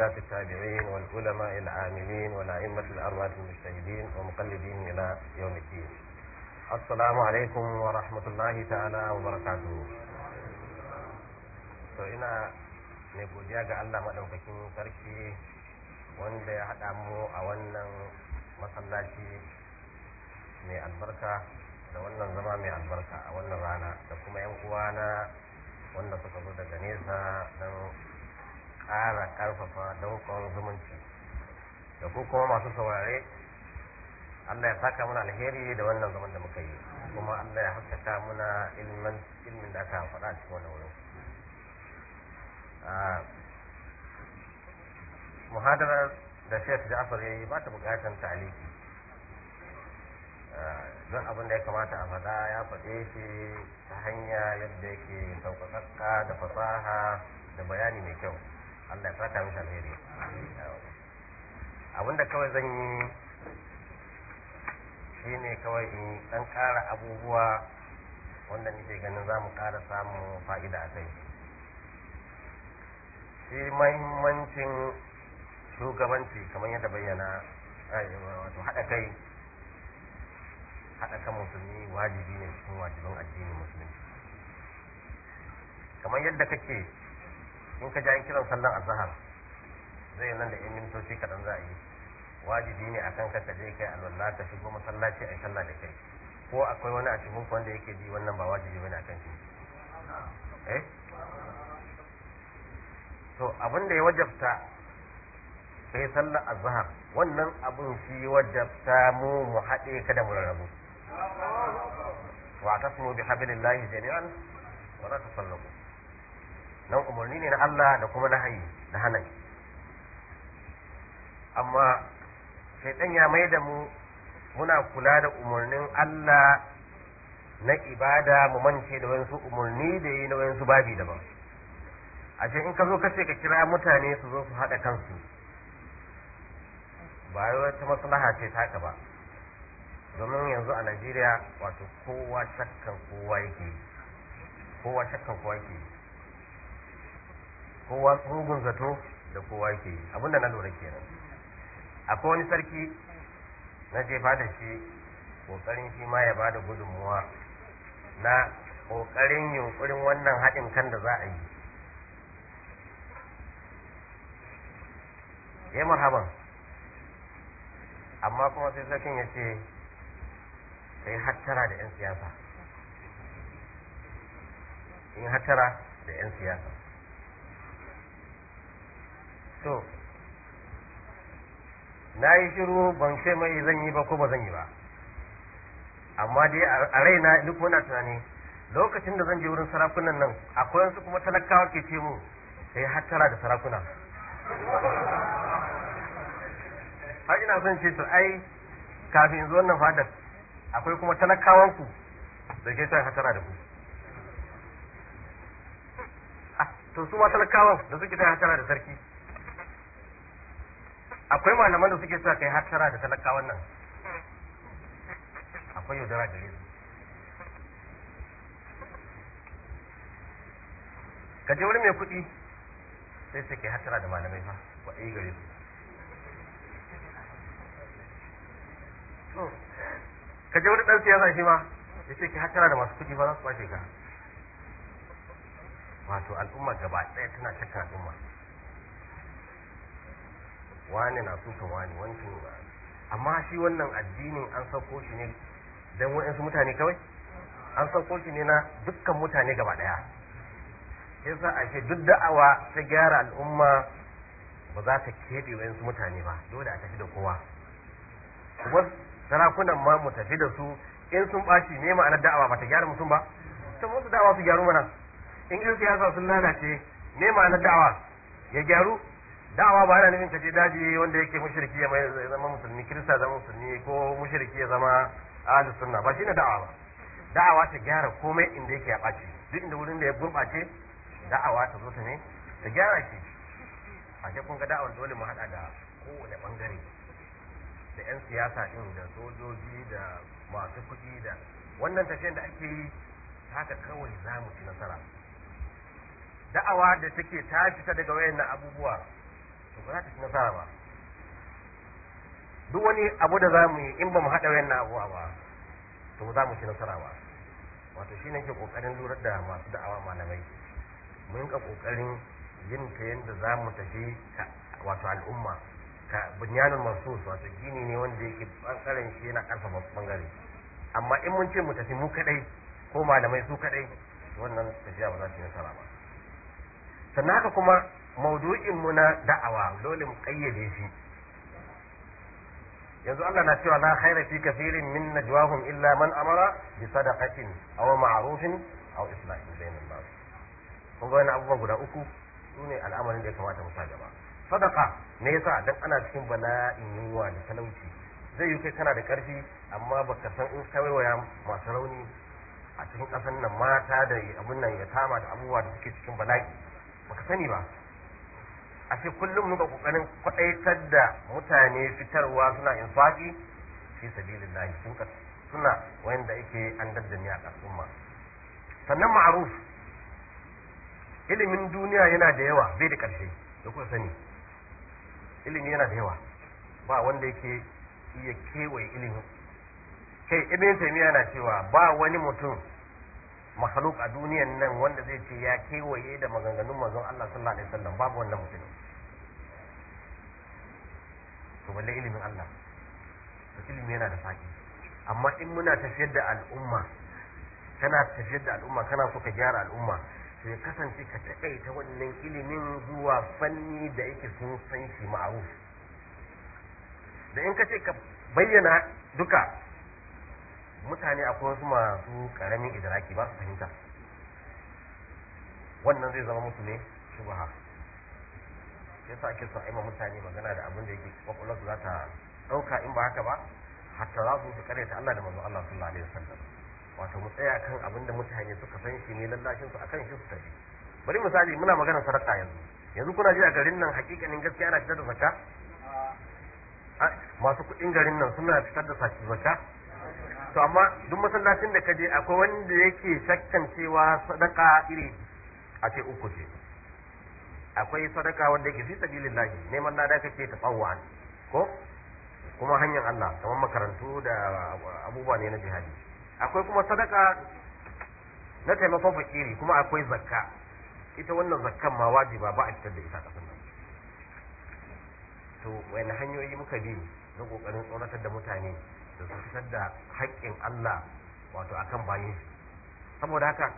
ذات التابعين والعلماء العاملين والأئمة الأربعة المجتهدين ومقلدين إلى يوم الدين السلام عليكم ورحمة الله تعالى وبركاته to ina mai godiya ga Allah maɗaukakin sarki wanda ya haɗa mu a wannan masallaci mai albarka da wannan zama mai albarka a wannan rana da kuma 'yan uwana wanda suka zo daga nesa don ƙara ƙarfafa danƙon zumunci da ku kuma masu saurare Allah ya saka muna alheri da wannan zaman da muka yi kuma Allah ya haskaka muna ilmin da aka faɗa a cikin wannan wurin muhadarar da Sheikh Ja'far yayi ba ta buƙatar taliki don abin da ya kamata a faɗa ya faɗe shi ta hanya yadda yake sauƙaƙaƙa da fasaha da bayani mai kyau Allah ya saka mishi alheri abinda kawai zan yi shi ne kawai in ɗan ƙara abubuwa wanda nake ganin zamu mu ƙara samun fa'ida a kai shi mahimmancin shugabanci kamar yadda bayyana eh, wato haɗa kai haɗa kan musulmi wajibi ne cikin wajibin addini musulunci kamar yadda kake in ka ja an kiran sallan azhar zai nan da yan mintoci kaɗan za a yi wajibi ne akan ka ka je kai alwala ka shigo masallaci a sallah da kai ko akwai wani a cikin wanda yake ji wannan ba wajibi bane akan shi eh to abin da ya wajabta kai sallar azhar wannan abin shi wajabta mu mu haɗe kada mu rarrabu wa tasmu bi hablillahi jami'an wa la tafarraqu nan umarni ne na Allah da kuma nahayi da hanayi amma shaitan ya mai da mu muna kula da umarnin Allah na ibada mu mance da wayansu umarni da yi na wayansu babi daban a ce in ka zo ka ce ka kira mutane su zo su haɗa kansu ba wata maslaha ce taka ba domin yanzu a Najeriya wato kowa shakkan kowa yake kowa shakkan kowa yake kowa tsugun zato da kowa ke yi abinda na lura kenan akwai wani sarki na jefa da shi kokarin shi ma ya bada gudunmuwa na kokarin yunkurin wannan haɗin kan da za a yi ya marhaban amma kuma sai sarkin ya ce sai hattara da 'yan siyasa in hattara da 'yan siyasa to na yi shiru ban ce mai zan yi ba ko ba zan yi ba amma dai a raina duk muna tunani lokacin da zan je wurin sarakunan nan akwai wasu kuma talakawa ke ce mu sai hattara da sarakuna har ina son ce to ai kafin zuwan nan fadar akwai kuma talakawanku da ke son hattara da ku ah, to su ma talakawan da suke son hattara da sarki akwai malaman da suke cewa kai hattara da talakawan nan akwai yaudara gare su ka je wani mai kuɗi sai sai kai hattara da malamai fa ba a yi gare su ka je wani ɗan siyasa shi ma ya ce ki hattara da masu kuɗi ba za su kwashe ka wato al'umma gaba ɗaya tana shakka al'umma wani na sukan wani wancan amma shi wannan addinin an sauko shi ne don waɗansu mutane kawai an sauko shi ne na dukkan mutane gaba ɗaya yasa ake duk da'awa ta gyara al'umma ba za ta keɓe waɗansu mutane ba dole a tafi da kowa kuma sarakunan ma mu tafi da su in sun bashi ne ma'anar da'awa ba ta gyara mutum ba ta musu da'awa su gyaru mana in yan sa sun lalace ne ma'anar da'awa ya gyaru da'awa ba yana nufin ta je daji wanda yake mushriki ya zama musulmi kirista zama musulmi ko mushriki ya zama ahlus sunna ba shine da'awa ba da'awa ta gyara komai inda yake ya ɓace duk inda wurin da ya gurɓace da'awa ta zo ta ne ta gyara shi a ce kun ga da'awar dole mu hada da kowane bangare da 'yan siyasa ɗin da sojoji da masu kuɗi da wannan tafiyar da ake yi haka kawai za mu ci nasara da'awa da take ta fita daga wayannan abubuwa to ba za ta fi nasara ba duk wani abu da za mu yi in ba mu haɗa wayan abuwa ba to za mu ci nasara ba wato shi ne ke ƙoƙarin lura da masu da'awa malamai mun ka ƙoƙarin yin ta yadda za mu tafi wato al'umma ka masu mansus wato gini ne wanda yake ɓangaren shi yana ƙarfafa ɓangare amma in mun ce mu tafi mu kaɗai ko malamai su kaɗai wannan tafiya ba za su yi nasara ba sannan haka kuma maudu'in mu na da'awa dole mu kayyade shi yanzu Allah na cewa la khaira fi kathirin min najwahum illa man amara bi sadaqatin aw ma'rufin aw islahin bainan nas kun ga wannan abubuwa guda uku sune al'amarin da ya kamata mu sa gaba sadaka me yasa dan ana cikin bala'in yunwa da talauci zai yi kai kana da karfi amma baka san in kawaiwaya masu rauni a cikin kasan nan mata da abun nan ya tama da abubuwa da suke cikin bala'i baka sani ba ashe kullum muka kokarin kwaɗaitar da mutane fitarwa suna infaki fi sabilillahi sun ka suna wanda yake an daddani a al'umma sannan ma'aruf ilimin duniya yana da yawa bai da ƙarshe da kuka sani ilimi yana da yawa ba wanda yake iya kewaye ilimin kai ibn taymiya na cewa ba wani mutum makhluk a duniyan nan wanda zai ce ya kewaye da maganganun manzon Allah sallallahu alaihi wasallam babu wannan mutum to balle ilimin Allah to ilimi yana da faɗi amma in muna tafiyar da al'umma kana tafiyar da al'umma kana so ka gyara al'umma to ya kasance ka taƙaita wannan ilimin zuwa fanni da yake sun san shi ma'aruf da in ka ce ka bayyana duka mutane akwai wasu masu ƙaramin idraki ba su fahimta wannan zai zama musu ne shubaha sai sa ake son aima mutane magana da abin da yake kwakwalwar su za ta ɗauka in ba haka ba hatta za su su karyata Allah da manzo Allah sallallahu alaihi wasallam wato mu tsaya kan abin da mutane suka san shi ne lallashin su akan shi su tafi bari misali muna magana sadaka yanzu yanzu kuna ji a garin nan hakikanin gaskiya ana fitar da zakka masu kuɗin garin nan suna fitar da zakka to amma duk masallacin da kaje akwai wanda yake shakkan cewa sadaka iri a ce uku ce akwai sadaka wanda yake fi sabilillahi neman lada kake ta tsawwa ko kuma hanyar Allah kamar makarantu da abubuwa ne na jihadi akwai kuma sadaka na taimakon fakiri kuma akwai zakka ita wannan zakkan ma wajiba ba a fitar da ita kasan nan to wani hanyoyi muka bi na kokarin tsoratar da mutane da su fitar da haƙƙin Allah wato akan bayin saboda haka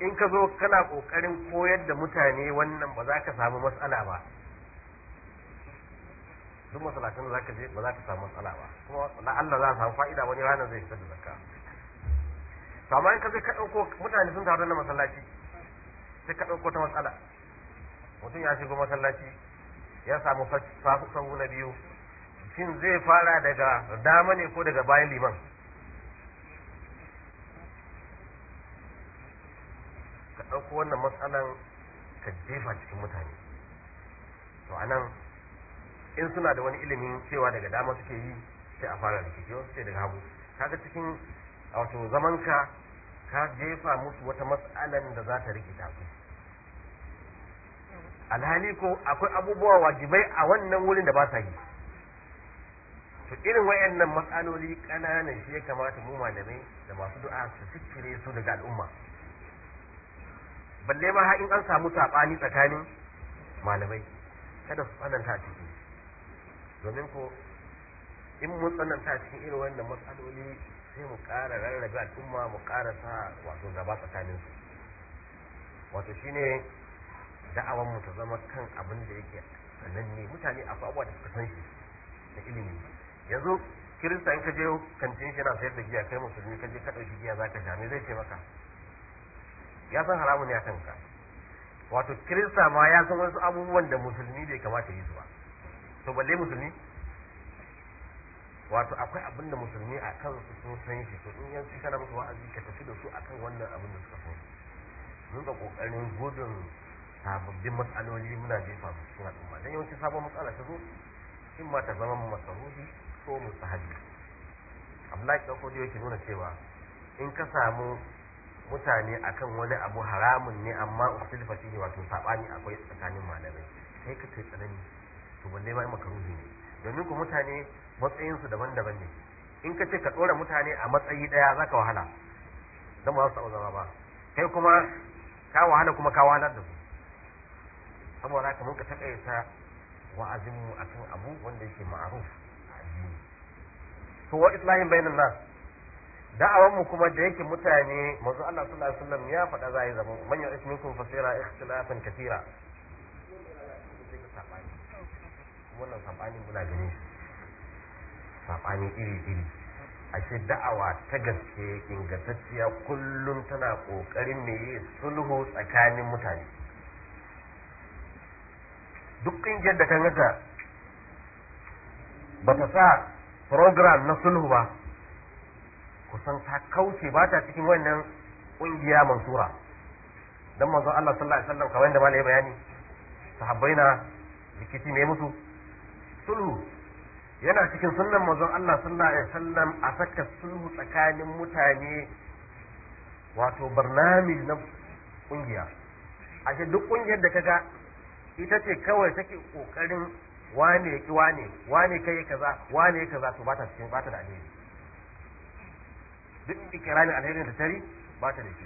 in ka zo kana ƙoƙarin koyar da mutane wannan ba za ka samu matsala ba duk masalatan za ka je ba za ka samu matsala ba kuma na Allah za a samu fa'ida wani rana zai fitar da zakka to amma in ka zai ka ɗauko mutane sun taru na masallaci sai ka ɗauko ta matsala mutum ya shigo masallaci ya samu sahu na biyu shin zai fara daga dama ne ko daga bayan liman ɗauko wannan matsalan ka jefa cikin mutane to a nan in suna da wani ilimin cewa daga dama suke yi sai a fara rikici wasu sai daga hagu kaga cikin wato zaman ka ka jefa musu wata matsalan da za ta rikita su alhali ko akwai abubuwa wajibai a wannan wurin da ba sa yi to irin wayannan matsaloli ƙananan shi ya kamata mu malamai da masu du'a su fikire su daga al'umma balle ma in an samu saɓani tsakanin malamai kada su tsananta ciki domin ko in mun tsananta cikin irin wannan matsaloli sai mu ƙara rarrabe al'umma mu ƙara sa wato gaba tsakanin su wato shine da'awan mu ta zama kan abin da yake sananne mutane a abubuwa da suka san shi da ilimi yanzu kirista in ka je kantin shi na sayar da giya kai musulmi ka je ka ɗauki giya za ka sha zai ce maka ya san haramun ne a kanka wato kirista ma ya san wasu abubuwan da musulmi bai kamata yi su ba to balle musulmi wato akwai abin da musulmi a kan su sun san shi to in yan ci kana musu wa'azi ka tafi da su akan wannan abin da suka san mun ga kokarin gudun sababbin matsaloli muna jefa su cikin al'umma dan yawanci sabon matsala ta zo in ma ta zama masarufi ko mustahabi Abdullahi Dauko da yake nuna cewa in ka samu mutane akan wani abu haramun ne amma ukhtilfa fihi wato sabani akwai tsakanin malamai sai ka kai tsanani to balle ma makaruhi ne domin ku mutane matsayin daban-daban ne in ka ce ka dora mutane a matsayi daya zaka wahala dan ba su zama ba kai kuma ka wahala kuma ka wahalar da su saboda haka mun ka takaita wa'azinmu akan abu wanda yake ma'aruf a addini to wa islahin bainan nas da'awar mu kuma da yake mutane manzo Allah sallallahu alaihi wasallam ya faɗa za a yi zama man yu'is minkum fasira ikhtilafan katira wannan sabani guda gani, shi sabani iri iri ashe da'awa ta gaske ingantacciya kullum tana kokarin ne yi sulhu tsakanin mutane duk kungiyar da kan ba ta sa program na sulhu ba kusan ta kauce ba ta cikin wannan ƙungiya mansura dan manzon Allah sallallahu alaihi wasallam kawai da malai bayani sahabbai na likiti mai musu sulhu yana cikin sunnan manzon Allah sallallahu alaihi wasallam a saka sulhu tsakanin mutane wato barnamij na kungiya ashe duk kungiyar da kaga ita ce kawai take kokarin wane ki wane wane kai kaza wane kaza to ba ta cikin ba ta da alheri duk ikirarin alherin ta tari ba ta da shi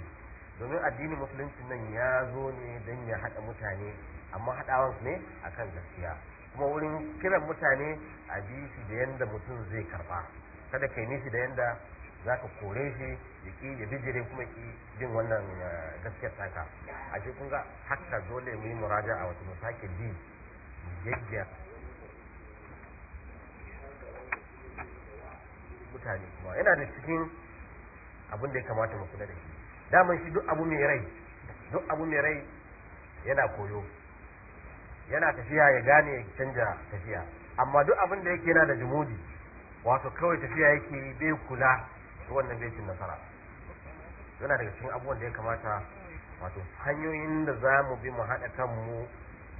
domin addinin musulunci nan ya zo ne don ya haɗa mutane amma haɗawansu ne a kan gaskiya kuma wurin kiran mutane a bi shi da yadda mutum zai karba kada kai nishi da yadda za ka kore shi ya ƙi ya bijire kuma ki jin wannan eh, gaskiyar taka a shi kun ga haka dole mu yi muraja a wata musake bi yadda mutane kuma yana da cikin abin da ya kamata mu kula da shi daman shi duk abu mai rai duk abu mai rai yana koyo yana tafiya ya gane ya canja tafiya amma duk abin da yake yana da jumudi wato kawai tafiya yake bai kula da wannan bai cin nasara yana daga cikin abubuwan da ya kamata wato hanyoyin da za mu bi mu haɗa kanmu mu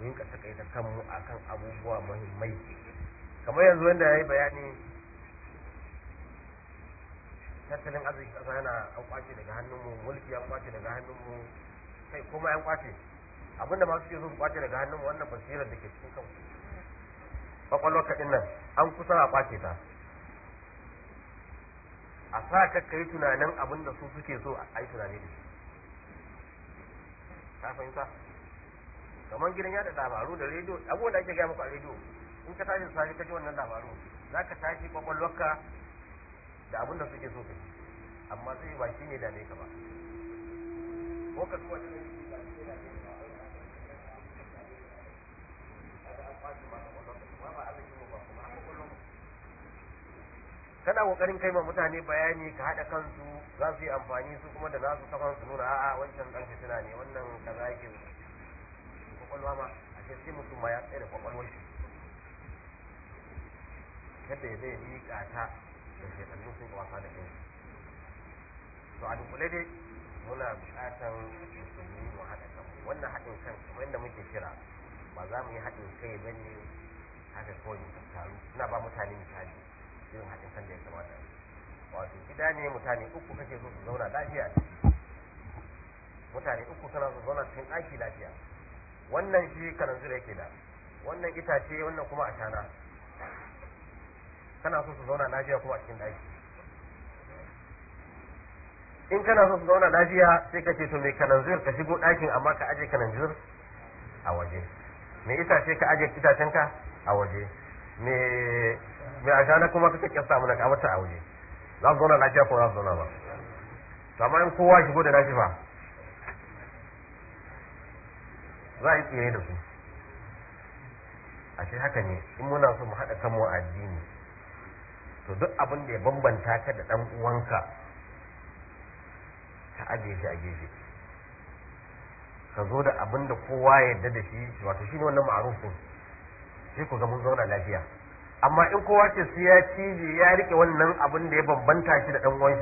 yinka takaita kanmu akan abubuwa muhimmai kamar yanzu wanda ya yi bayani tattalin arziki kasa yana an kwace daga hannunmu mulki an kwace daga hannunmu kai kuma an kwace abinda su ke so su kwace daga hannunmu wannan basirar da ke cikin kan kwakwalwar din nan an kusa a kwace ta a sa ka kai tunanin abinda da su suke so a yi tunani da shi ka fahimta kamar gidan yada labaru da rediyo abubuwan da ake gaya muku a rediyo in ka tashi safe ka ji wannan labaru za ka tashi kwakwalwarka da abin da suke so su amma sai ba shi ne da ka ba ko ka zuwa da kana kokarin kai ma mutane bayani ka hada kansu za su yi amfani su kuma da za su kafan su nuna a'a wancan ɗan fitina ne wannan kaza yake kokolwa ma a ce sai mutum ma ya tsaye da kwakwalwar shi kada ya zai ka ta da ke wasa da kai to a dukule dai muna buƙatar musulmi mu haɗa kan wannan haɗin kan kamar yadda muke kira ba za mu yi haɗin kai ba ne haka kawai mu ba mutane misali irin haɗin kan da ya kamata wato gida ne mutane uku kake so su zauna lafiya mutane uku suna su zauna cikin ɗaki lafiya wannan shi yake da wannan itace wannan kuma a shana kana so su zauna lafiya kuma a cikin daji in kana so su zauna lafiya sai ka ce to mai kananzir ka shigo ɗakin amma ka aje kananzir a waje mai itace ka aje itacen ka a waje mai ashana kuma ka kyasta mana ka wata a waje za su zauna lafiya ko za su zauna ba to amma in kowa shigo da nashi ba, za a yi tsire da su ashe haka ne in muna so mu haɗa kanmu a addini to duk abin da ya bambanta ka da dan uwanka ka aje shi a gefe ka zo da abin da kowa ya yarda da shi wato ne wannan ma'arufin? sai ku zama zauna lafiya amma in kowa ce su ya cije ya rike wannan abin da ya bambanta shi da dan uwan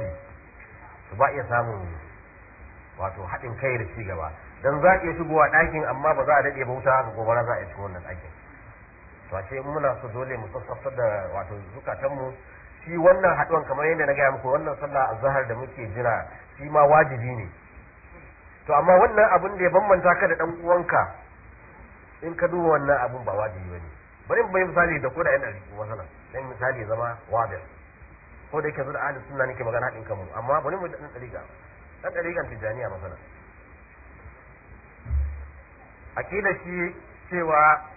shi ba iya samun wato haɗin kai da ci gaba dan za a iya shigowa ɗakin amma ba za a daɗe ba wuta ga gobara za a iya shigo wannan ɗakin to ashe muna so dole mu sassafta da wato zukatanmu shi wannan haɗuwan kamar yadda na gaya muku wannan sallah azhar da muke jira shi ma wajibi ne to amma wannan abin da ya bambanta ka da dan uwanka in ka duba wannan abin ba wajibi bane bari mu misali da koda yana riƙo masana dan misali zama wajibi ko da yake zuwa ahli sunna nake magana haɗin kanmu amma bari mu dan dariƙa dan dariƙan tijjaniya masana aqida shi cewa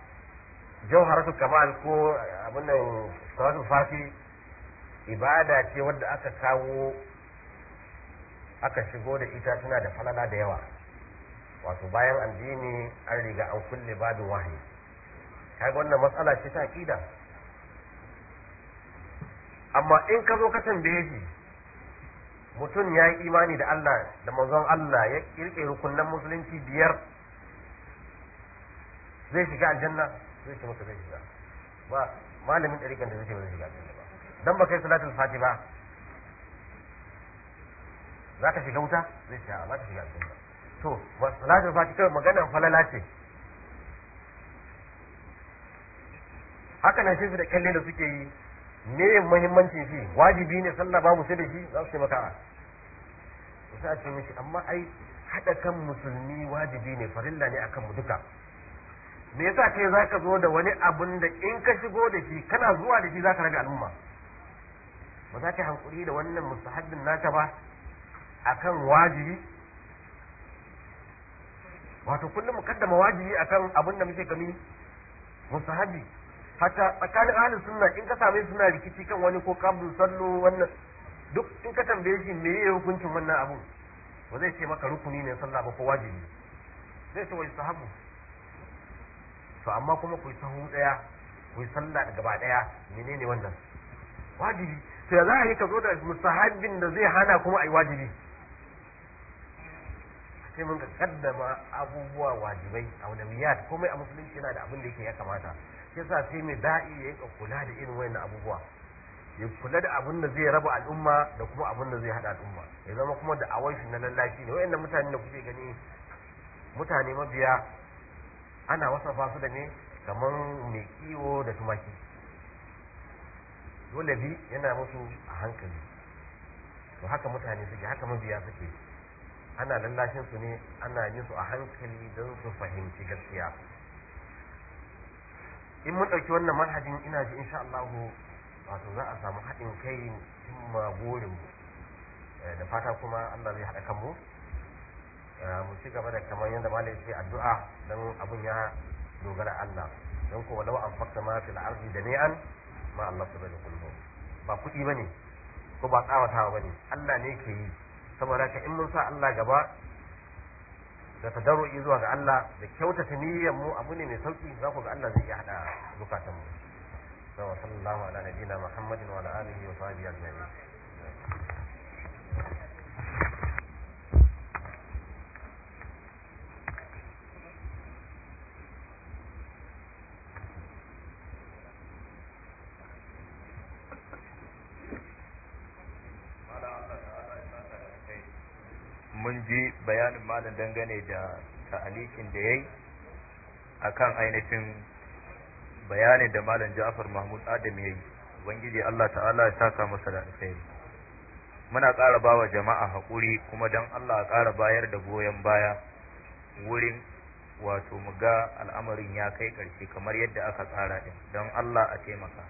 jauharatu kamal ko abin nan salatu fati ibada ce wadda aka kawo aka shigo da ita tana da falala da yawa wato bayan addini an riga an kulle babin wahayi kai wannan matsala ce ta aqida amma in ka zo ka tambaye shi mutum ya yi imani da Allah da manzon Allah ya kirke rukunan musulunci biyar zai shiga aljanna sai ce maka zai shiga ba malamin ɗarikan da zai ce ba zai shiga ba don ba kai salatul fati ba za ka shiga wuta zai shiga a za ka shiga aljanna to salatul fati kawai magana falala ce haka na shi da kalle da suke yi me muhimmancin shi wajibi ne sallah ba musu da shi za su ce maka a sai a ce mishi amma ai haɗa kan musulmi wajibi ne farilla ne akan mu duka me yasa za ka zo da wani abun da in ka shigo da shi kana zuwa da shi za ka rage al'umma ba za ka yi hankuri da wannan mustahabbin naka ba akan wajibi wato kullum mukaddama wajibi akan abun da muke gani mustahabbi hatta tsakanin ahalin sunna in ka same suna rikici kan wani ko kabin sallo wannan duk in ka tambaye shi me ya hukuncin wannan abu ba zai ce maka rukuni ne sallah ba ko wajibi zai ce wai sahabu to amma kuma ku yi sahu daya ku yi sallah gaba daya menene wannan wajibi to za a yi ka zo da mustahabbin da zai hana kuma a yi wajibi sai mun kaddama abubuwa wajibai a miyat komai a musulunci yana da abin da yake ya kamata yasa sai mai da'i ya yi kula da irin wayannan abubuwa ya kula da abin da zai raba al'umma da kuma abin da zai hada al'umma ya zama kuma da awai na lallashi ne wayannan mutane da kuke gani mutane mabiya ana wasafa su da ne kamar mai kiwo da tumaki dole bi yana musu a hankali to haka mutane suke haka mabiya suke ana lallashin su ne ana yin su a hankali don su fahimci gaskiya in mun ɗauki wannan manhajin ina ji insha Allah wato za a samu haɗin kai cimma burin eh, da fata kuma Allah zai haɗa kanmu Eh, mu ci gaba da kamar yadda malai ce addu'a don abun ya dogara Allah don ko walau an fakta ma fi fil da jami'an ma Allah subhanahu kullum ba kuɗi ne ko ba tsawatawa bane Allah ne ke yi saboda ka in mun sa Allah gaba da ta tadarru'i zuwa ga Allah da kyautata niyyar mu abu ne mai sauki za ku ga Allah zai iya haɗa zukatan mu sallallahu ala nabiyina muhammadin wa ala alihi wa sahbihi ajma'in bayanin malam dangane da ta'alikin da yayi akan ainihin bayanin da malam Ja'far Mahmud Adam yi, ubangiji Allah ta'ala ya saka masa da alkhairi muna ƙara bawa jama'a haƙuri kuma don Allah ƙara bayar da goyon baya wurin wato muga al'amarin ya kai ƙarshe kamar yadda aka tsara din don Allah a taimaka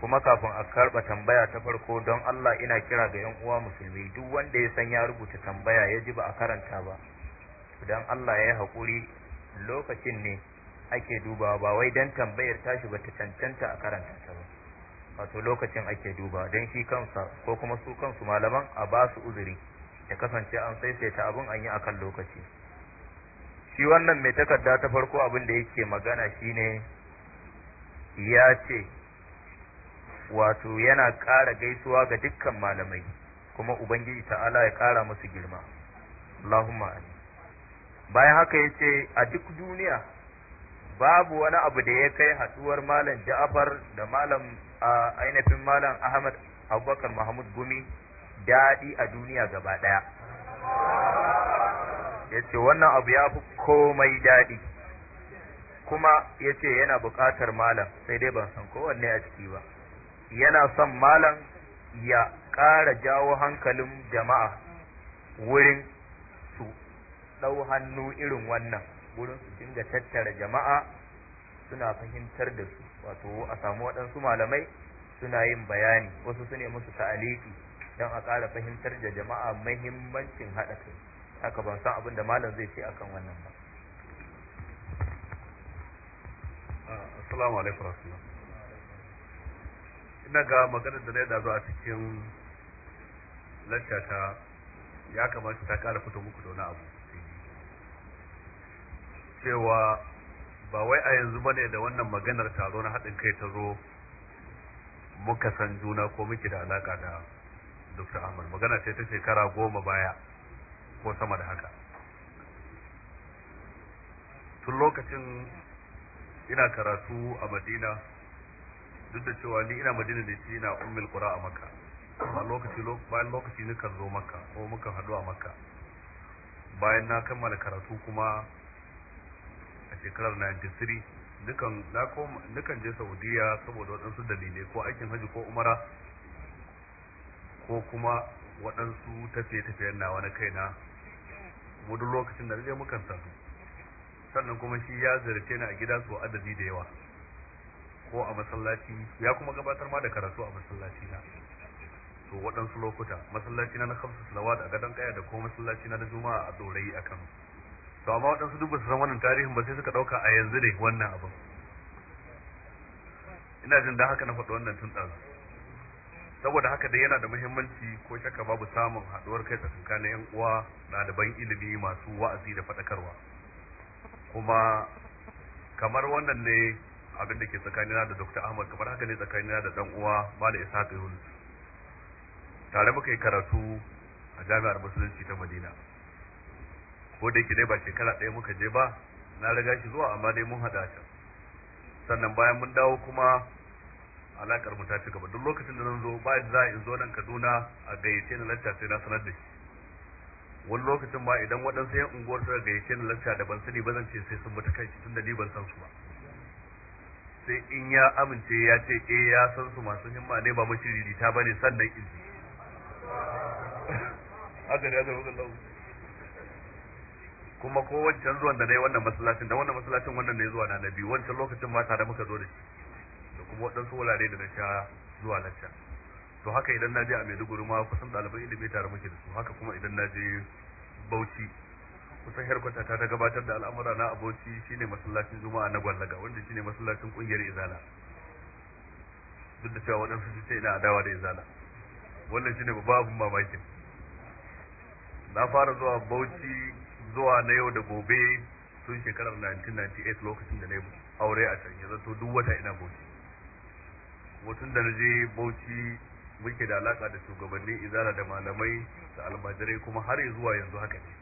kuma kafin a karba tambaya ta farko don Allah ina kira ga yan uwa musulmi duk wanda ya san ya rubuta tambaya ya ji ba a karanta ba don Allah ya yi haƙuri lokacin ne ake dubawa ba wai don tambayar tashi ba ta cancanta a karanta ta ba wato lokacin ake duba don shi kansa ko kuma su kansu malaman a ba su uzuri ya kasance an saisaita abin an yi akan lokaci shi wannan mai takarda ta farko abin da yake magana shine ya ce wato yana ƙara gaisuwa ga dukkan malamai kuma ubangiji ta'ala ya ƙara musu girma Allahumma bayan haka yace a duk duniya babu wani abu da ya kai haduwar malam Ja'far da malam ainihin malam Ahmad Abubakar Mahmud Gumi daɗi a duniya gaba ɗaya yace wannan abu ya fi komai daɗi kuma yace yana buƙatar malam sai dai ban san kowanne a ciki ba yana son malam ya ƙara jawo hankalin jama'a wurin su ɗau hannu irin wannan wurin su dinga tattara jama'a suna fahimtar da su wato a samu waɗansu malamai suna yin bayani wasu su ne musu ta'aliki don a ƙara fahimtar da jama'a mahimmancin haɗa kai haka ban san abin da malam zai ce akan wannan ba assalamu alaikum ina ga maganar da na yada a cikin lantata ya kamata ta kara fito muku da wani abu cewa ba wai a yanzu bane da wannan maganar taro na haɗin kai ta zo muka san juna ko muke da alaka da Dr. Ahmad magana ce ta shekara goma baya ko sama da haka tun lokacin ina karatu a Madina duk da cewa ni ina madina da shi ina ummul qura a makka amma lokaci bayan lokaci ne kan zo makka ko muka hadu a makka bayan na kammala karatu kuma a shekarar 93 dukan na koma dukan je Saudiya saboda waɗansu dalilai ko aikin haji ko umara ko kuma waɗansu tafiye-tafiyen na wani kaina mu duk lokacin da zai mukan sannan kuma shi ya zarce ni a gida su adadi da yawa ko a masallaci ya kuma gabatar ma da karatu a masallaci na to waɗansu lokuta masallaci na na kamsu salawa a gadon kaya da ko masallaci na na juma'a a dorayi a kano to amma waɗansu duk basu san wannan tarihin ba sai suka ɗauka a yanzu ne wannan abin ina jin da haka na faɗi wannan tun ɗazu saboda haka dai yana da muhimmanci ko shakka babu samun haɗuwar kai tsakanin yan uwa ɗaliban ilimi masu wa'azi da faɗakarwa kuma kamar wannan ne abin da ke tsakanina da Dr. Ahmad kamar haka ne tsakanina da dan uwa Malam isa Yunus tare muka yi karatu a Jami'ar Musulunci ta Madina ko da yake dai ba shekara ɗaya muka je ba na riga shi zuwa amma dai mun haɗa can sannan bayan mun dawo kuma alakar mu ta ci gaba duk lokacin da nan zo yadda za in zo nan Kaduna a gayyace ni lacca sai na sanar da shi wani lokacin ba, idan waɗansu yan unguwar suka gayyace ni lacca da ban sani ba zan ce sai sun mutu kai da ni ban san su ba sai in ya amince ya ce eh ya san su masu himma ne ba mashiriri ba ne sannan in haka da zama Allah kuma ko wancan zuwan da na yi wannan masallacin da wannan masallacin wannan ne zuwa na biyu wancan lokacin ma tare muka zo da shi da kuma waɗansu wurare da na sha zuwa lacca to haka idan na je a Maiduguri ma kusan ɗalibai ilimi tare muke da su haka kuma idan na je Bauchi kusan herkwata ta gabatar da al'amura na aboci shine masallacin juma'a na gwallaga wanda shine masallacin kungiyar izala duk da cewa waɗansu su ce ina adawa da izala wannan shine babban mamakin na fara zuwa bauchi zuwa na yau da gobe tun shekarar 1998 lokacin da na yi aure a can yanzu to duk wata ina bauchi mutum da na je bauchi muke da alaka da shugabannin izala da malamai da almajirai kuma har zuwa yanzu haka ne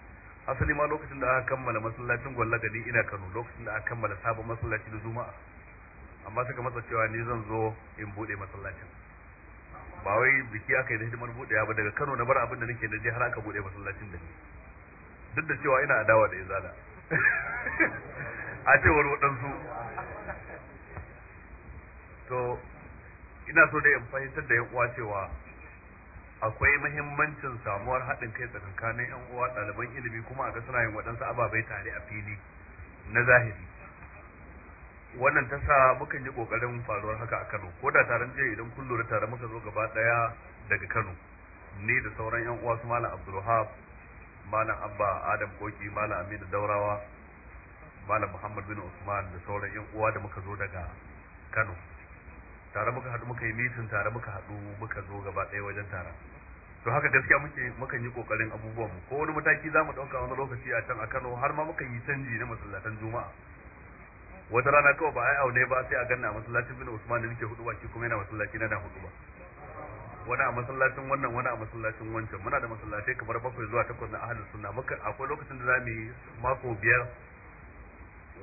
asali ma lokacin da aka kammala masallacin gwalla gadi ina Kano lokacin da aka kammala sabon masallaci da zuma amma suka matsa cewa ni zan zo in bude masallacin ba wai biki aka yi da hidimar budewa ba daga Kano na bar abin da nake da je har aka bude masallacin da ni duk da cewa ina adawa da izala a cewar waɗansu to ina so da in fahimtar da yan uwa cewa akwai mahimmancin samuwar haɗin kai tsakankanin yan uwa ɗaliban ilimi kuma a ga suna yin waɗansu ababai tare a fili na zahiri wannan ta sa mukan yi ƙoƙarin faruwar haka a Kano ko da taron jiya idan kun lura tare muka zo gaba ɗaya daga Kano ni da sauran yan uwa su malam Abdulwahab malam Abba Adam Koki malam Aminu Daurawa malam Muhammad bin Usman da sauran yan uwa da muka zo daga Kano tare muka haɗu muka yi mitin tare muka haɗu muka zo gaba ɗaya wajen tara to haka gaskiya muke mukan yi kokarin abubuwan mu ko wani mataki zamu ɗauka wani lokaci a can a Kano har ma muka yi canji na masallatan juma'a wata rana kawai ba ai aune ba sai a ganna masallacin bin Usman da nake hudu shi kuma yana masallaci na da hudu ba wani a masallacin wannan wani a masallacin wancan muna da masallatai kamar bakwai zuwa takwas na ahlus sunna muka akwai lokacin da za mu yi mako biyar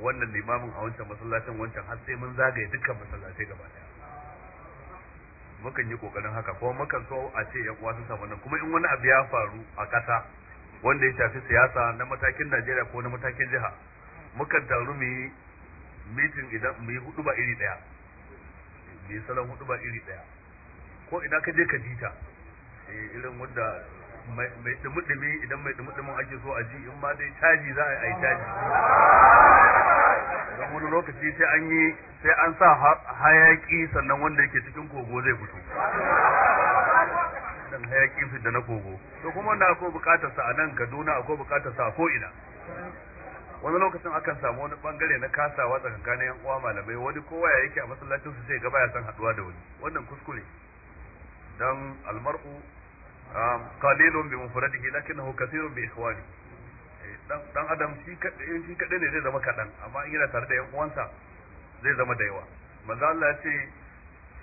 wannan limamin a wancan masallacin wancan har sai mun zagaye dukkan masallatai gaba ɗaya mukan yi kokarin haka ko mukan so a ce yan uwa sun samu nan kuma in wani abu ya faru a ƙasa wanda ya shafi siyasa na matakin Najeriya ko na matakin jiha mukan taru mu yi idan mu yi hudu ba iri daya mu yi salon hudu ba iri daya ko idan ka je ka jita eh, irin wanda mai dumi idan mai dumi ake so a ji in ma dai caji za a yi caji da wani lokaci sai an yi sai an sa hayaki sannan wanda yake cikin kogo zai fito dan hayaki da na kogo to kuma wanda akwai bukatar sa a nan Kaduna akwai bukatar sa ko ina wani lokacin akan samu wani bangare na kasawa tsakankanin yan uwa malamai wani kowa ya yake a masallacin su sai gaba ya san haduwa da wani wannan kuskure dan almar'u um, qalilun bi mufradihi lakinnahu kathirun bi ikhwani dan adam shi kadai shi kadai ne zai zama kadan amma in yana tare da yan uwansa zai zama da yawa manzo Allah ya ce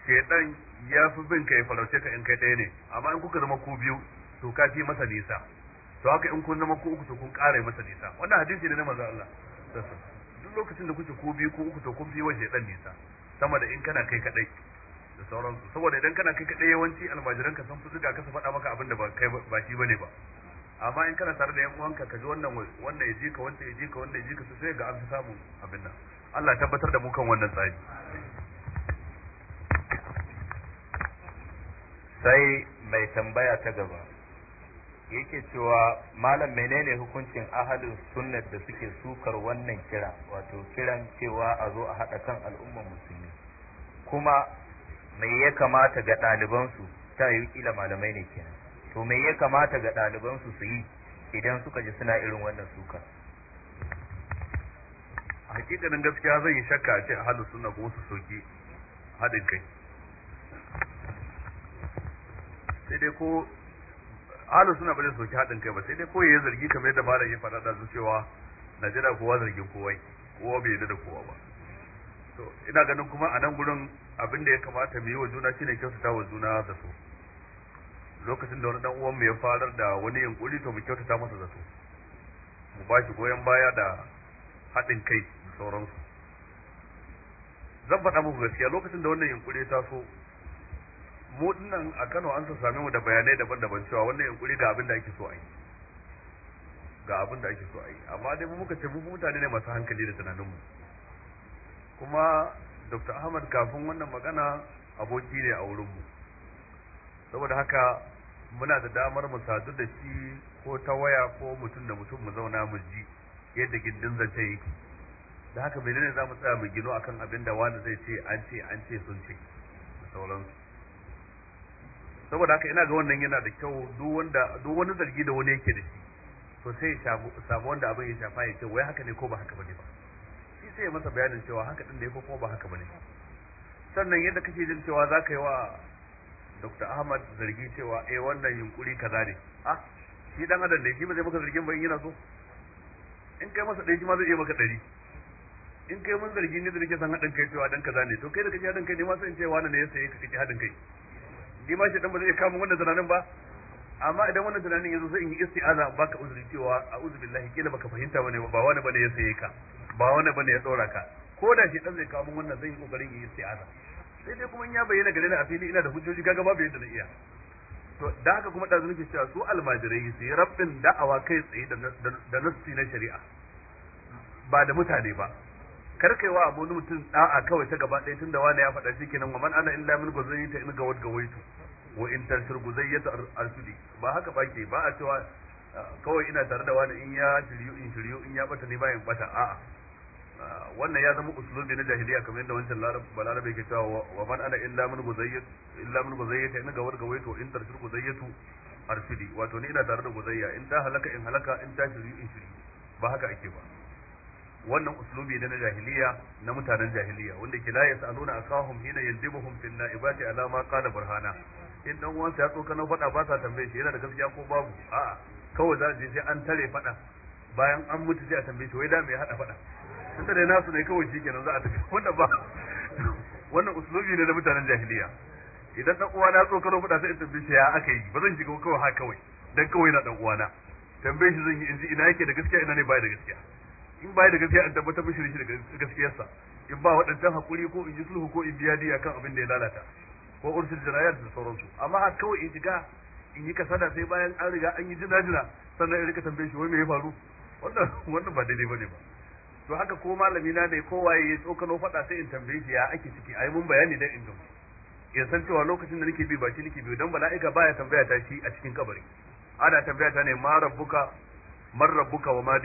shedan ya fi bin kai farauce ka in kai ɗaya ne amma in kuka zama ku biyu to ka fi masa nisa to haka in kun zama ku uku to kun ƙara masa nisa wannan hadisi ne na manzo Allah duk lokacin da kuke ku biyu ko uku to kun fi wa shedan nisa sama da in kana kai kadai da sauransu saboda idan kana kai kadai yawanci almajiranka sun fi zuga ka su faɗa maka abin da ba kai ba shi bane ba amma in kana tare da yan uwanka ji wannan wannan ya ji ka wanda ya ji ka wanda ya ji ka sai ga an samu abin nan Allah tabbatar da mu kan wannan tsari sai mai tambaya ta gaba yake cewa malam menene hukuncin ahalin sunnar da suke sukar wannan kira wato kiran cewa a zo a haɗa kan al'ummar musulmi kuma mai ya kamata ga ɗalibansu ta yi kila malamai ne kenan to me ya kamata ga ɗalibansu su yi idan suka ji suna irin wannan suka a hakikanin gaskiya zan yi shakka a ce a halin suna ko su soki haɗin kai sai dai ko halin suna ba zai soki haɗin kai ba sai dai ko ya zargi kamar yadda malam ya faɗa da su cewa na jira kowa zargin kowa kowa bai yi da kowa ba to ina ganin kuma a nan gurin abin da ya kamata mu yi wa juna shine kyautata wa juna da su lokacin da wani dan uwan mu ya farar da wani yunkuri to mu kyautata masa zato mu ba shi goyon baya da haɗin kai da sauransu zan faɗa muku gaskiya lokacin da wannan yankuri ya taso mu dinnan a Kano an same mu da bayanai daban-daban cewa wannan yankuri ga abin da ake so a yi ga abin da ake so a yi amma dai mu muka ce mu mutane ne masu hankali da tunanin mu kuma Dr. Ahmad kafin wannan magana aboki ne a wurinmu saboda haka muna da damar mu sadu da shi ko ta waya ko mutum da mutum mu zauna mu ji yadda gindin zance yake da haka menene za mu tsaya mu gino akan abin da wani zai ce an ce an ce sun ce da sauransu saboda haka ina ga wannan yana da kyau duk wani zargi da wani yake da shi to sai ya samu wanda abin ya shafa ya ce wai haka ne ko ba haka bane ba shi sai ya masa bayanin cewa haka din ne ko ba haka bane sannan yadda kake jin cewa za ka yi wa Dr. Ahmad zargi cewa eh wannan yunkuri kaza ne ah shi dan adam ne shi ba zai maka zargin ba in yana so in kai masa ɗaya shi ma zai iya maka ɗari in kai mun zargi ne da nake san haɗin kai cewa dan kaza ne to kai da kake haɗin kai ne ma sai ce wani ne ya saye ka kake haɗin kai ni ma shi dan ba zai kama wannan tunanin ba amma idan wannan tunanin yazo sai in yi isti'aza baka uzuri cewa a'udhu billahi kila baka fahimta bane ba wani bane ya saye ka ba wani bane ya tsora ka ko da shi dan zai kawo mun wannan zan yi kokarin yi isti'aza sai dai kuma in ya bayyana gare ni a fili ina da hujjoji kaga babu yadda na iya to da haka kuma ɗazu nake cewa su almajirai su yi rabbin da'awa kai tsaye da nassi na shari'a ba da mutane ba kar kai wa abu mutum da'a kawai ta gaba ɗaya tunda wani ya faɗa shi kenan wa ana illa min gwazayi ta in gawad gawaitu wa in tashir guzayya ta arsudi ba haka ba ke ba a cewa kawai ina tare da wani in ya shiryu in shiryu in ya bata ne bayan bata a'a wannan ya zama usulubi na jahiliya kamar yadda wancan balarabe ke cewa wa man ana illa min guzayyat illa min guzayyat in gawar gawaito in tarshir guzayyatu arsidi wato ni ina tare da guzayya in ta halaka in halaka in ta shiri in shiri ba haka ake ba wannan usulubi ne na jahiliya na mutanen jahiliya wanda ke la yasaluna akahum hina yaldibuhum fil naibati ala ma qala burhana in dan uwansa ya tsoka na fada ba sa tambaye shi yana da gaskiya ko babu a'a kawai za je sai an tare fada bayan an mutu sai a tambaye shi wai da me ya hada fada tunda da nasu ne kawai shikenan za a tafi wanda ba wannan uslubi ne na mutanen jahiliya idan dan uwa na tsokaro fada sai in tambaye shi ya aka yi ba zan shiga kawai ha kawai dan kawai na dan uwa na tambaye shi zan yi inji ina yake da gaskiya ina ne baya da gaskiya in baya da gaskiya an tabbatar mishi shi da gaskiyarsa in ba waɗancan hakuri ko in ji sulhu ko in biya diya kan abin da ya lalata ko ursul jinayat da sauransu amma ha kawai in shiga in yi kasada sai bayan an riga an yi jina jina sannan in rika tambaye shi wai me ya faru wannan wannan ba daidai bane ba to haka ko malami na ne kowa ya tsokano faɗa sai in tambaye shi ya ake ciki ai mun bayani dan in gamsu ya san cewa lokacin da nake bi ba shi nake bi dan bala'ika baya tambaya ta shi a cikin kabari ana tambaya ta ne ma rabbuka man rabbuka wa ma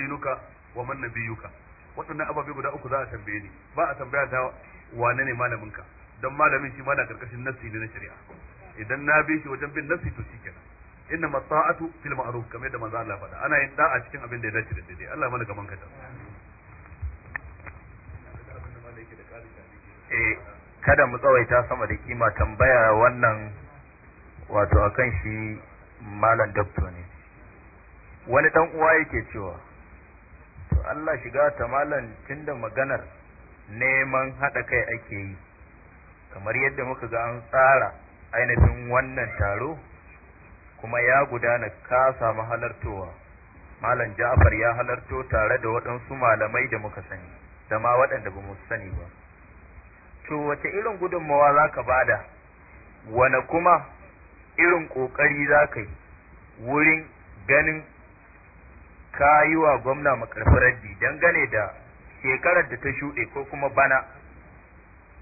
wa man nabiyuka waɗannan ababe guda uku za a tambaye ni ba a tambaya ta wane ne malamin ka dan malamin shi ma na karkashin nafsi ne na shari'a idan na bi shi wajen bin nafsi to shikenan inna mata'atu fil ma'ruf kamar da manzo Allah faɗa ana yin da'a cikin abin da ya dace da daidai Allah mana gaban ka eh kada mu tsawaita sama da kima tambaya wannan wato akan shi malam dokto ne wani ɗan uwa yake cewa to Allah shiga ta malam da maganar neman haɗa kai ake yi kamar yadda muka ga an tsara ainihin wannan taro kuma ya gudana ka samu halartowa malam Ja'far ya halarto tare da waɗansu malamai da muka sani da ma waɗanda ba mu sani ba to wace irin gudunmawa za ka bada wane kuma irin ƙoƙari za ka yi wurin ganin ka yi wa gwamna makarfi don dangane da shekarar da ta shuɗe ko kuma bana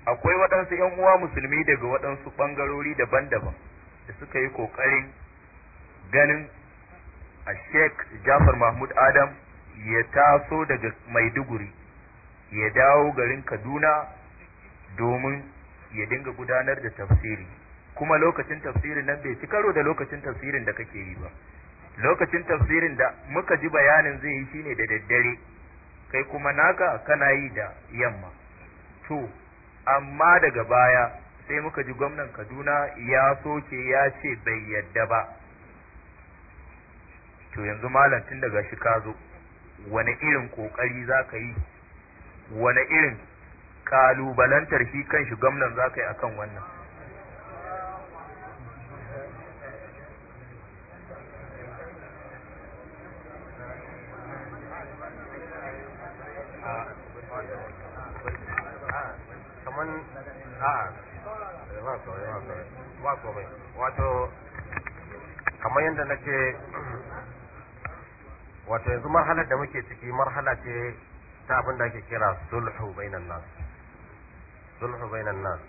akwai waɗansu 'yan uwa musulmi daga waɗansu ɓangarori daban-daban da suka yi ƙoƙarin ganin a sheik jafar mahmud adam ya taso daga maiduguri ya dawo garin kaduna domin ya dinga gudanar da tafsiri kuma lokacin tafsirin nan bai ci karo da lokacin tafsirin da kake yi ba lokacin tafsirin da muka ji bayanin zai yi shine da daddare kai kuma naka kana yi da yamma to amma daga baya sai muka ji gwamnan Kaduna ya soke ya ce bai yadda ba to yanzu malam tun daga shi ka zo wani irin kokari za ka yi wani irin kalubalantar shi kan shi gwamnan za ka yi akan wannan wato kamar yadda na ce wato yanzu marhalar da muke ciki marhala ce ta abin da ake kira sulhu bainan nasu sulhu bainan nas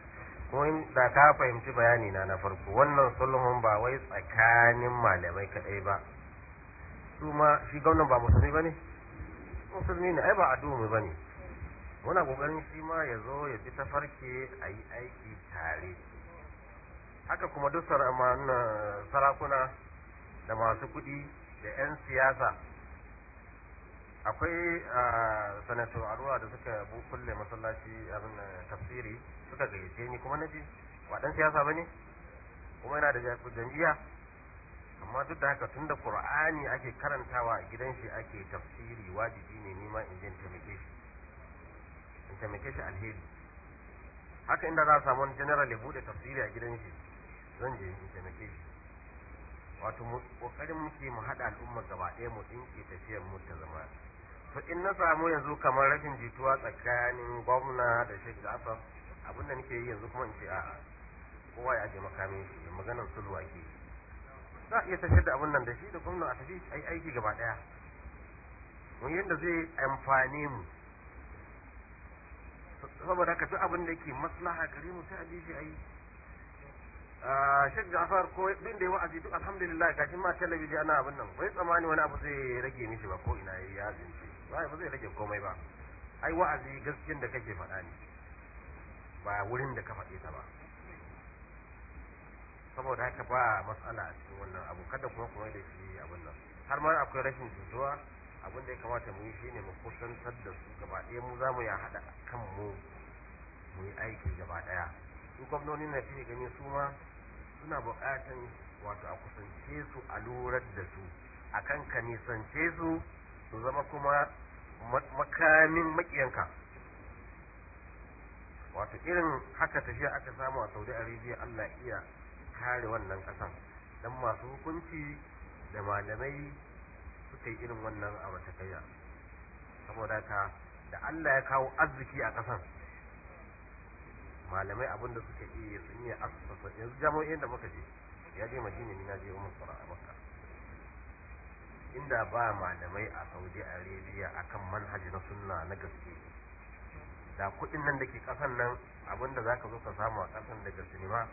ko in da ka fahimci bayani na na farko wannan sulhun ba wai tsakanin malamai kadai ba su ma shi gwamnan ba musulmi bane musulmi ne ai ba a ba bane muna kokarin shi ma ya zo ya ji ta farke a yi aiki tare haka kuma duk sarakuna da masu kuɗi da 'yan siyasa akwai sanato aruwa da suka kulle masallaci abin eh, tafsiri suka gayyace ni kuma na ji waɗan siyasa ba ne kuma yana da jami'a amma duk da haka tun qur'ani ake karantawa gidan shi ake tafsiri wajibi ne nima in je taimake shi in taimake shi alheri haka inda za a samu general ya bude tafsiri a gidan shi zan je in taimake shi wato kokarin muke mu haɗa al'umma gaba ɗaya mu dinke tafiyar mu ta zama to in na samu yanzu kamar rashin jituwa tsakanin gwamna da shek jafar abin da nake yi yanzu kuma in ce a'a kowa ya je makamin shi maganar sulwa ke za a iya tafiyar da abin nan da shi da gwamna a tafi ai aiki gaba daya mun yadda zai amfani mu saboda haka duk abin da yake maslaha gare mu sai a bi shi a yi shek jafar ko bin da yi wa'azi duk alhamdulillah gashi ma talabijin ana abin nan bai tsamani wani abu zai rage mishi ba ko ina ya zince ba ba zai rage komai ba ai wa'azi gaskiyar da kake faɗa ne ba wurin da ka faɗe ta ba saboda haka ba matsala a cikin wannan abu kada kuma kuma da shi abin nan har ma akwai rashin jituwa abin da ya kamata mu yi shi ne mu kusantar da su gaba ɗaya mu za mu ya haɗa kan mu mu yi aiki gaba ɗaya su gwamnoni na fiye gani su ma suna buƙatan wato a kusance su a lurar da su akan ka nisance su su zama kuma makamin makiyanka wato irin haka tafiya aka samu a saudi arabia allah iya kare wannan kasan don masu hukunci da malamai suka yi irin wannan a matakaiya saboda ka da allah ya kawo arziki a kasan malamai abinda suka iya sun a yanzu jami'in da muka je ya je majini ni na je umar a makka inda ba malamai a saudi arabia akan manhaji na sunna na gaske da kudin nan da ke kasan nan abinda za ka zo ka samu a kasan daga sinima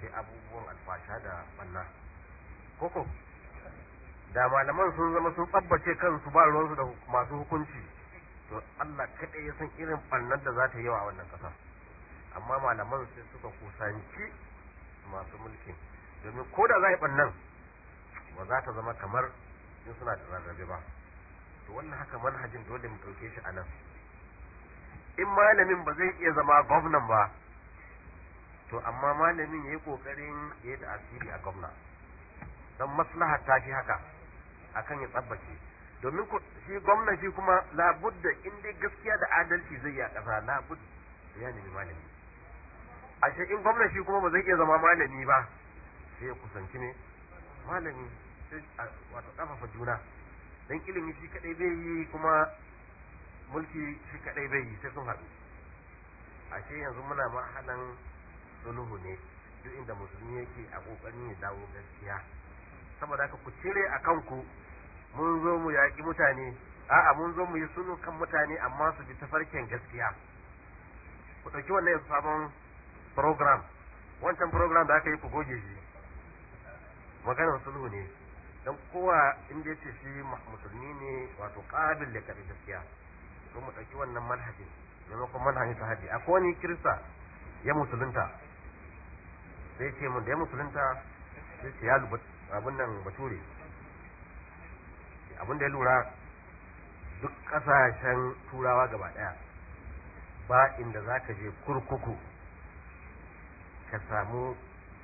sai abubuwan alfasha da banna koko da malaman sun zama sun tsabbace kansu ba ruwansu da masu hukunci to allah kaɗai ya san irin bannar da za ta yi wa wannan kasa amma malaman sai suka kusanci masu mulki, domin ko da za a yi bannan ba za ta zama kamar in suna da rarrabe ba to wannan haka manhajin dole mu ɗauke shi a nan in malamin ba zai iya zama gwamnan ba to amma malamin ya yi ƙoƙarin ya yi asiri a gwamna don maslahar ta shi haka akan ya tsabbace domin shi gwamna shi kuma labudda in dai gaskiya da adalci zai yi a ƙasa labud ya nemi malami ashe in gwamna shi kuma ba zai iya zama malami ba sai ya kusanci ne malami wato kafafa juna dan ilimi shi kadai zai yi kuma mulki shi kadai zai yi sai sun haɗu ashe yanzu muna mahalan sulhu ne duk inda musulmi yake a kokarin ya dawo gaskiya saboda haka ku cire a kanku mun zo mu yaƙi mutane a'a mun zo mu yi sulhu kan mutane amma su bi tafarkin gaskiya ku ɗauki wannan sabon program wancan program da aka yi ku goge shi maganar sulhu ne don kowa in ya ce shi musulmi ne wato kabil da kare gaskiya to mu ɗauki wannan manhajin maimakon manhajin sahabi a wani kirista ya musulunta sai ce mun da ya musulunta sai ce ya abun nan bature abun da ya lura duk ƙasashen turawa gaba ɗaya ba inda za ka je kurkuku ka samu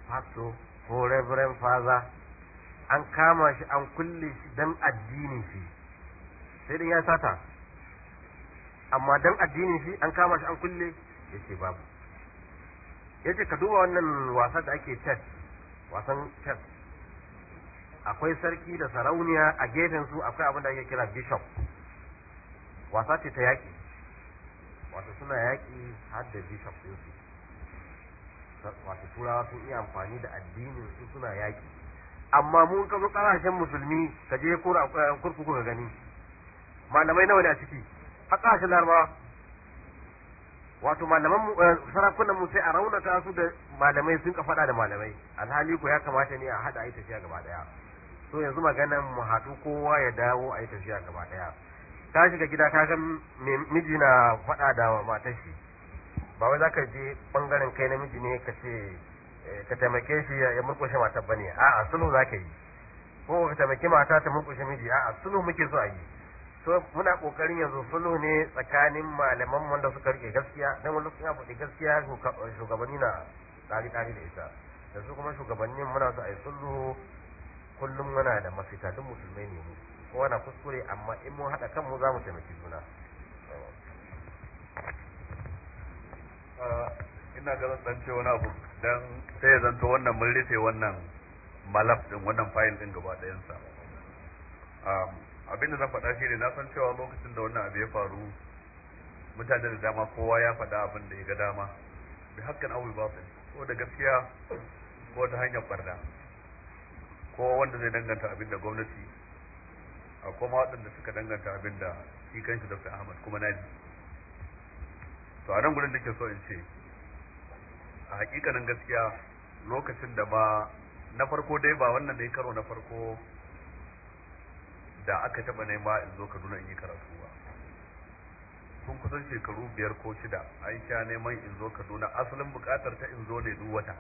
pastor ko reverend father an kama shi an kulle shi don addinin shi sai din ya sata amma don addinin shi an kama shi an kulle ya ce babu ya ce ka duba wannan wasa da ake chess wasan chess akwai sarki da sarauniya a gefen su akwai abin da ake kira bishop wasa ce ta yaƙi wato suna yaƙi har da bishop su wato turawa sun iya amfani da addinin su suna yaƙi amma mun ka zo ƙasashen musulmi ka je eh, kurkuku ka gani malamai nawa ne a ciki a ƙasashen larabawa wato malaman eh, sarakunan mu sai a raunata su da malamai sun ka faɗa da malamai alhali ko ya kamata ne a haɗa a yi tafiya gaba ɗaya so yanzu maganan mu haɗu kowa ya dawo a yi tafiya gaba ɗaya ta shiga gida ka ga miji na faɗa da matar shi ba wai za ka je ɓangaren kai namiji ne ka ce Eh, ka taimake shi ya murkushe matar bane a'a sulhu ka yi ko ka taimake mata ta murkushe miji a'a sulhu muke so a yi so muna kokarin yanzu sulhu ne tsakanin malaman wanda suka rike gaskiya don wanda suka faɗi gaskiya shugabanni na tsari tsari da ita da su kuma shugabannin muna so a yi sulhu kullum muna da mafita duk musulmai ne mu kowa na kuskure amma in mun haɗa kanmu za mu taimaki juna eh. ah, ina ga zan ce wani abu dan sai zan to wannan mun rufe wannan malaf din wannan fayil din gaba ɗayan Abin abinda zan faɗa shi ne na san cewa lokacin da wannan abu ya faru mutane da dama kowa ya faɗa abin da ya ga dama bi hakkan abu ba ko da gaskiya ko ta hanyar barda ko wanda zai danganta abin da gwamnati a kuma waɗanda suka danganta abin da shi kanshi Dr. Ahmad kuma na to a nan gurin da ke so in ce a hakikanin gaskiya lokacin da ba na farko dai ba wannan da ya karo na farko da aka taba nema in zo kaduna in yi karatu ba tun kusan shekaru biyar ko shida an sha neman in zo kaduna asalin bukatar ta in zo ne duk wata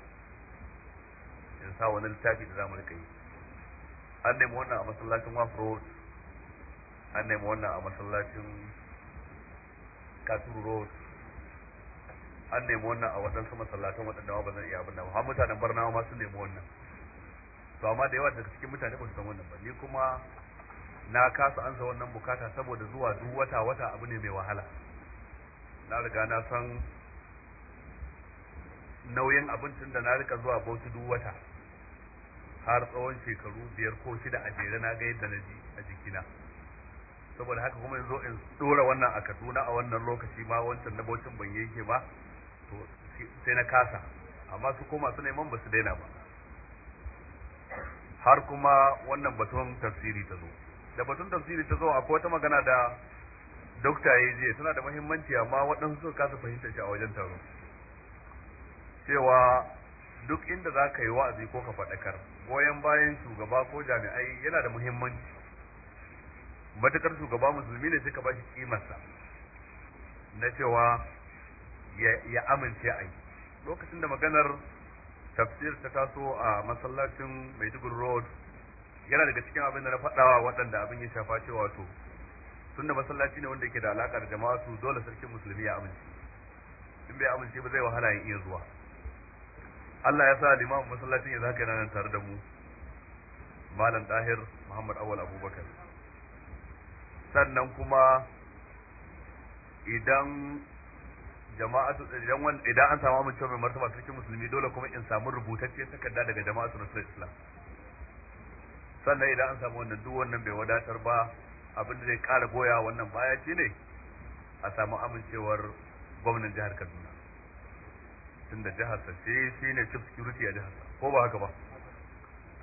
in sa wani littafi da zamu rika yi an nemi wannan a masallacin wafro an nemi wannan a masallacin katuru road an nemi wannan a waɗansu masallatan waɗanda ba zan iya abin da ba mutanen barnawa ma sun nemi wannan to amma da yawa daga cikin mutane ba su san wannan ba ni kuma na kasa ansa wannan bukata saboda zuwa duk wata wata abu ne mai wahala na riga na san nauyin abincin da na rika zuwa bauchi duk wata har tsawon shekaru biyar ko shida a jere na ga yadda na ji a jikina saboda haka kuma zo in dora wannan a kaduna a wannan lokaci ma wancan na bauchin ban yanke ba to sai na kasa amma su koma su neman ba su daina ba har kuma wannan batun tafsiri ta zo da batun tafsiri ta zo akwai wata magana da dokta ya je suna da muhimmanci amma waɗansu suka kasa fahimtar shi a wajen taro cewa duk inda za ka yi wa'azi ko ka faɗakar goyon bayan shugaba ko jami'ai yana da muhimmanci matukar shugaba musulmi ne sai ka ba shi kimarsa na cewa ya amince a yi lokacin da maganar tafsir ta taso a masallacin maiduguri road yana daga cikin abin da na faɗawa waɗanda abin ya shafa cewa to tun da masallaci ne wanda yake da alaƙa da jama'a su dole sarkin musulmi ya amince in bai amince ba zai wahala yin iya zuwa Allah ya sa limamin masallacin ya haka yana nan tare da mu malam dahir muhammad awal abubakar sannan kuma idan jama'atu idan wanda idan an samu amincewa mai martaba sarkin musulmi dole kuma in samu rubutacciyar takarda daga jama'atu rasul islam sannan idan an samu wannan duk wannan bai wadatar ba abin da zai kara goya wannan baya ne a samu amincewar gwamnan jihar Kaduna tunda jihar sa ce shine chief security a jihar ko ba haka ba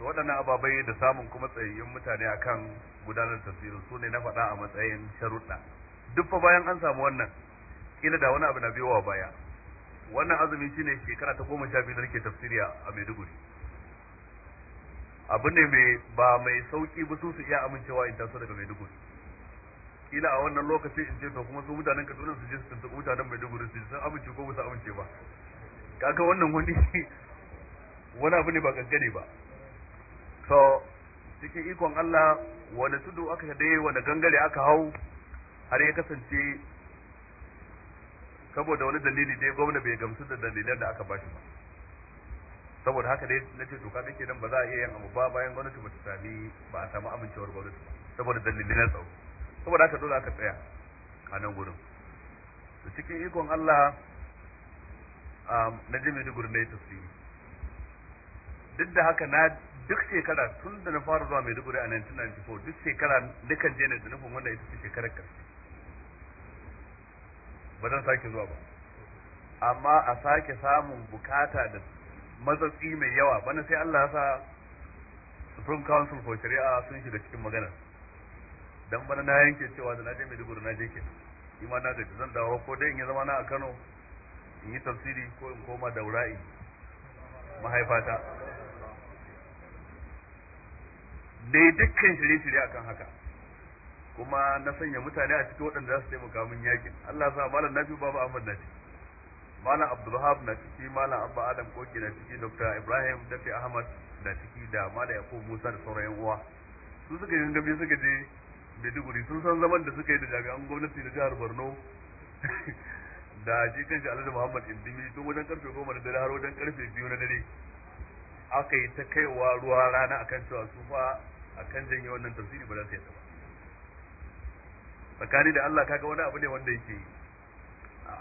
to waɗannan ababai da samun kuma tsayayyun mutane akan gudanar tafsirin su ne na faɗa a matsayin sharuɗa duk fa bayan an samu wannan kila da wani abu na biyowa baya wannan azumi shine shekara ta goma sha biyu da nake tafsiri a Maiduguri abu ne mai ba mai sauki ba su su iya amincewa in taso daga Maiduguri kila a wannan lokacin in ce to kuma su mutanen Kaduna su je su tuntuɓi mutanen Maiduguri su san amince ko ba su amince ba kaga wannan wani wani abu ne ba gaggare ba to cikin ikon Allah wani tudu aka dai wani gangare aka hau har ya kasance saboda wani dalili dai gwamna bai gamsu da dalilan da aka ba shi ba saboda haka dai na ce to kaga nan ba za a iya yin abu ba bayan gwamnati ba ta sami ba a samu amincewar gwamnati ba saboda dalilan tsaro saboda haka dole aka tsaya a nan gurin to cikin ikon Allah um, na jimi da gurin na yi duk da haka na duk shekara tun da na fara zuwa mai Maiduguri a 1994 duk shekara dukan je na da nufin wanda ita ce shekarar karshe ba zan sake zuwa ba amma a sake samun bukata da matsatsi mai yawa bana sai Allah ya sa Supreme Council for Shari'a sun shiga cikin magana dan bana na yanke cewa da na je Maiduguri na je ke ima na gaji zan dawo ko dai in ya zama na a Kano in yi tafsiri ko in koma wurai mahaifata dai dukkan shirye-shirye akan haka kuma na sanya mutane a cikin waɗanda za su taimaka min yakin Allah sa malam nafi babu Ahmad na ciki malam Abdulhab na ciki malam Abba Adam Koki na ciki Dr. Ibrahim Dafi Ahmad na ciki da malam Yakub Musa da sauran uwa su suka yi gabi suka je Maiduguri sun san zaman da suka yi da jami'an gwamnati na jihar Borno da shi shi Alhaji Muhammad Indimi tun wajen karfe goma na dare har wajen karfe biyu na dare aka yi ta kaiwa ruwa rana akan cewa su fa akan janye wannan tafsiri ba za su yi ba tsakani da Allah kaga wani abu ne wanda yake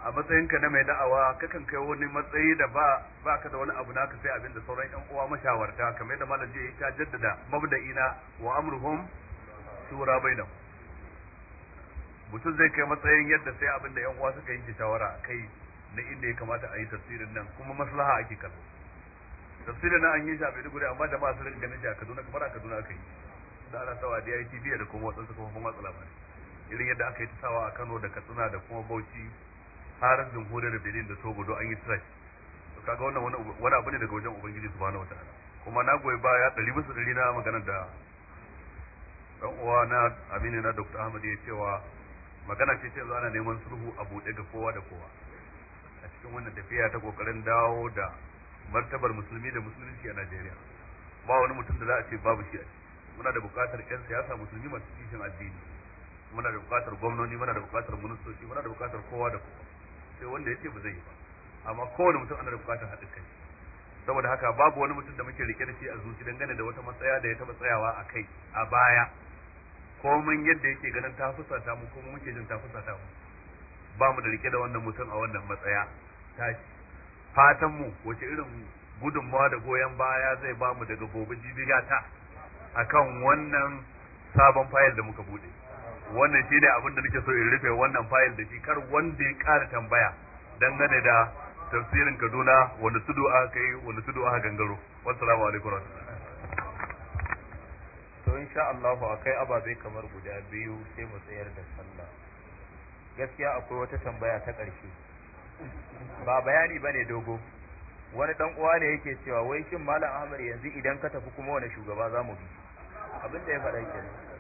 a matsayinka na mai da'awa kakan kai wani matsayi da ba ba ka da wani abu naka sai abin da sauran ƴan uwa mashawarta kamar yadda malam ji ta jaddada mabda'ina wa amruhum shura bainahum mutum zai kai matsayin yadda sai abin da ƴan uwa suka yanke shawara kai na inda ya kamata a yi tafsirin nan kuma maslaha ake kallo tafsirin nan an yi shi a guri amma jama'a sun ganin shi a Kaduna kamar a Kaduna aka yi da ana sawa da yayi TV da kuma wasu kuma kuma labarai irin yadda aka yi ta sawa a Kano da Katsina da kuma Bauchi har jamhuriyar Benin da Togo do an yi trash to kaga wannan wani abu ne daga wajen ubangiji subhanahu wataala kuma na goyi baya ɗari bisa ɗari na maganar da dan uwa na Aminu na Dr. Ahmad ya cewa magana ce ce ana neman sulhu a buɗe ga kowa da kowa a cikin wannan tafiya ta kokarin dawo da martabar musulmi da musulunci a Najeriya ba wani mutum da za a ce babu shi a muna da buƙatar 'yan siyasa musulmi masu kishin addini muna da bukatar gwamnoni muna da bukatar ministoci muna da bukatar kowa da kowa sai wanda ya ce ba zai yi ba amma kowane mutum ana da bukatar haɗin kai saboda haka babu wani mutum da muke rike da shi a zuci dangane da wata matsaya da ya taɓa tsayawa a kai a baya komai yadda yake ganin ta fusata mu kuma muke jin ta fusata mu ba mu da rike da wannan mutum a wannan matsaya ta fatan mu wace irin gudunmawa da goyon baya zai ba mu daga gobe jibiga ta akan wannan sabon fayil da muka bude wannan shi abin da nake so in rufe wannan fayil da shi kar wanda ya ƙara tambaya dangane da tafsirin Kaduna wani tudu aka kai wani tudu aka gangaro wassalamu alaikum to insha Allah akai ababe kamar guda biyu sai mu tsayar da sallah gaskiya akwai wata tambaya ta ƙarshe ba bayani bane dogo wani dan uwa ne yake cewa wai shin malam Ahmad yanzu idan ka tafi kuma wani shugaba zamu bi abin da ya faɗa kenan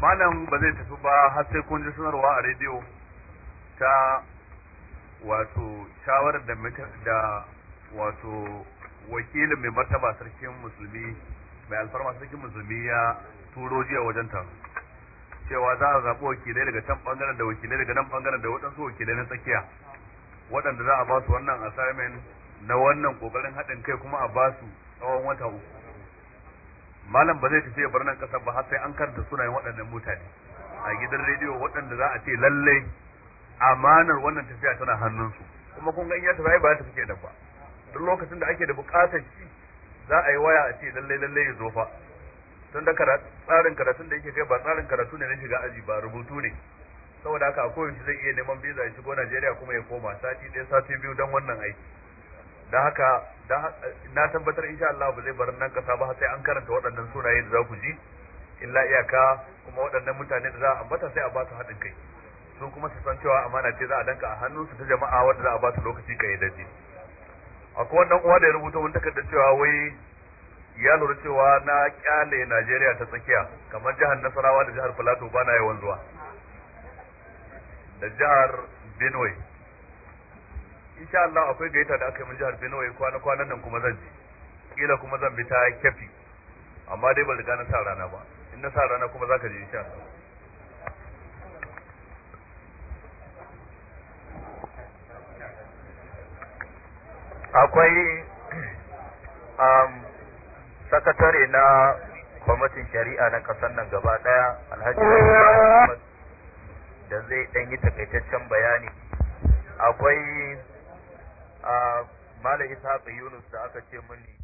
malam ba zai tafi ba har sai kun ji sanarwa a rediyo ta wato shawarar da da wato wakilin mai martaba sarkin musulmi mai alfarma sarkin musulmi ya turo jiya wajen ta. cewa za a zaɓi wakilai daga can ɓangaren da wakilai daga nan ɓangaren da waɗansu wakilai na tsakiya waɗanda za a ba su wannan assignment na wannan ƙoƙarin haɗin kai kuma a ba su tsawon wata uku malam ba zai tafi birnin ƙasa ƙasar ba har sai an karanta sunayen waɗannan mutane a gidan rediyo waɗanda za a ce lallai amanar wannan tafiya tana hannunsu kuma kun ga in ya tafi ba ta tafi da ba duk lokacin da ake da bukatar shi za a yi waya a ce lallai lallai ya zo fa tun da tsarin karatun da yake kai ba tsarin karatu ne na shiga aji ba rubutu ne saboda haka akwai koyaushe zai iya neman biza ya shigo Najeriya kuma ya koma sati ɗaya sati biyu don wannan aiki dan haka na tabbatar insha Allah ba zai bar nan kasa ba sai an karanta waɗannan sunaye da za ku ji illa iyaka kuma waɗannan mutane da za a ambata sai a ba su haɗin kai su kuma su san cewa amana ce za a danka a hannun su ta jama'a wanda za a ba su lokaci kayyadajje akwai wani dan uwa da ya rubuta wani takardar cewa wai ya lura cewa na kyale Najeriya ta tsakiya kamar jihar Nasarawa da jihar Filato ba na yawan zuwa da jihar Benue insha Allah akwai gaita da aka yi min jihar Benue kwana kwanan nan kuma zan je kila kuma zan bi ta kefi amma dai ban riga na sa rana ba in na sa rana kuma zaka je insha Allah akwai um, sakatare na kwamitin shari'a na kasan nan gaba daya alhaji da zai dan yi takaitaccen bayani akwai uh, malam isa yunus da aka ce muni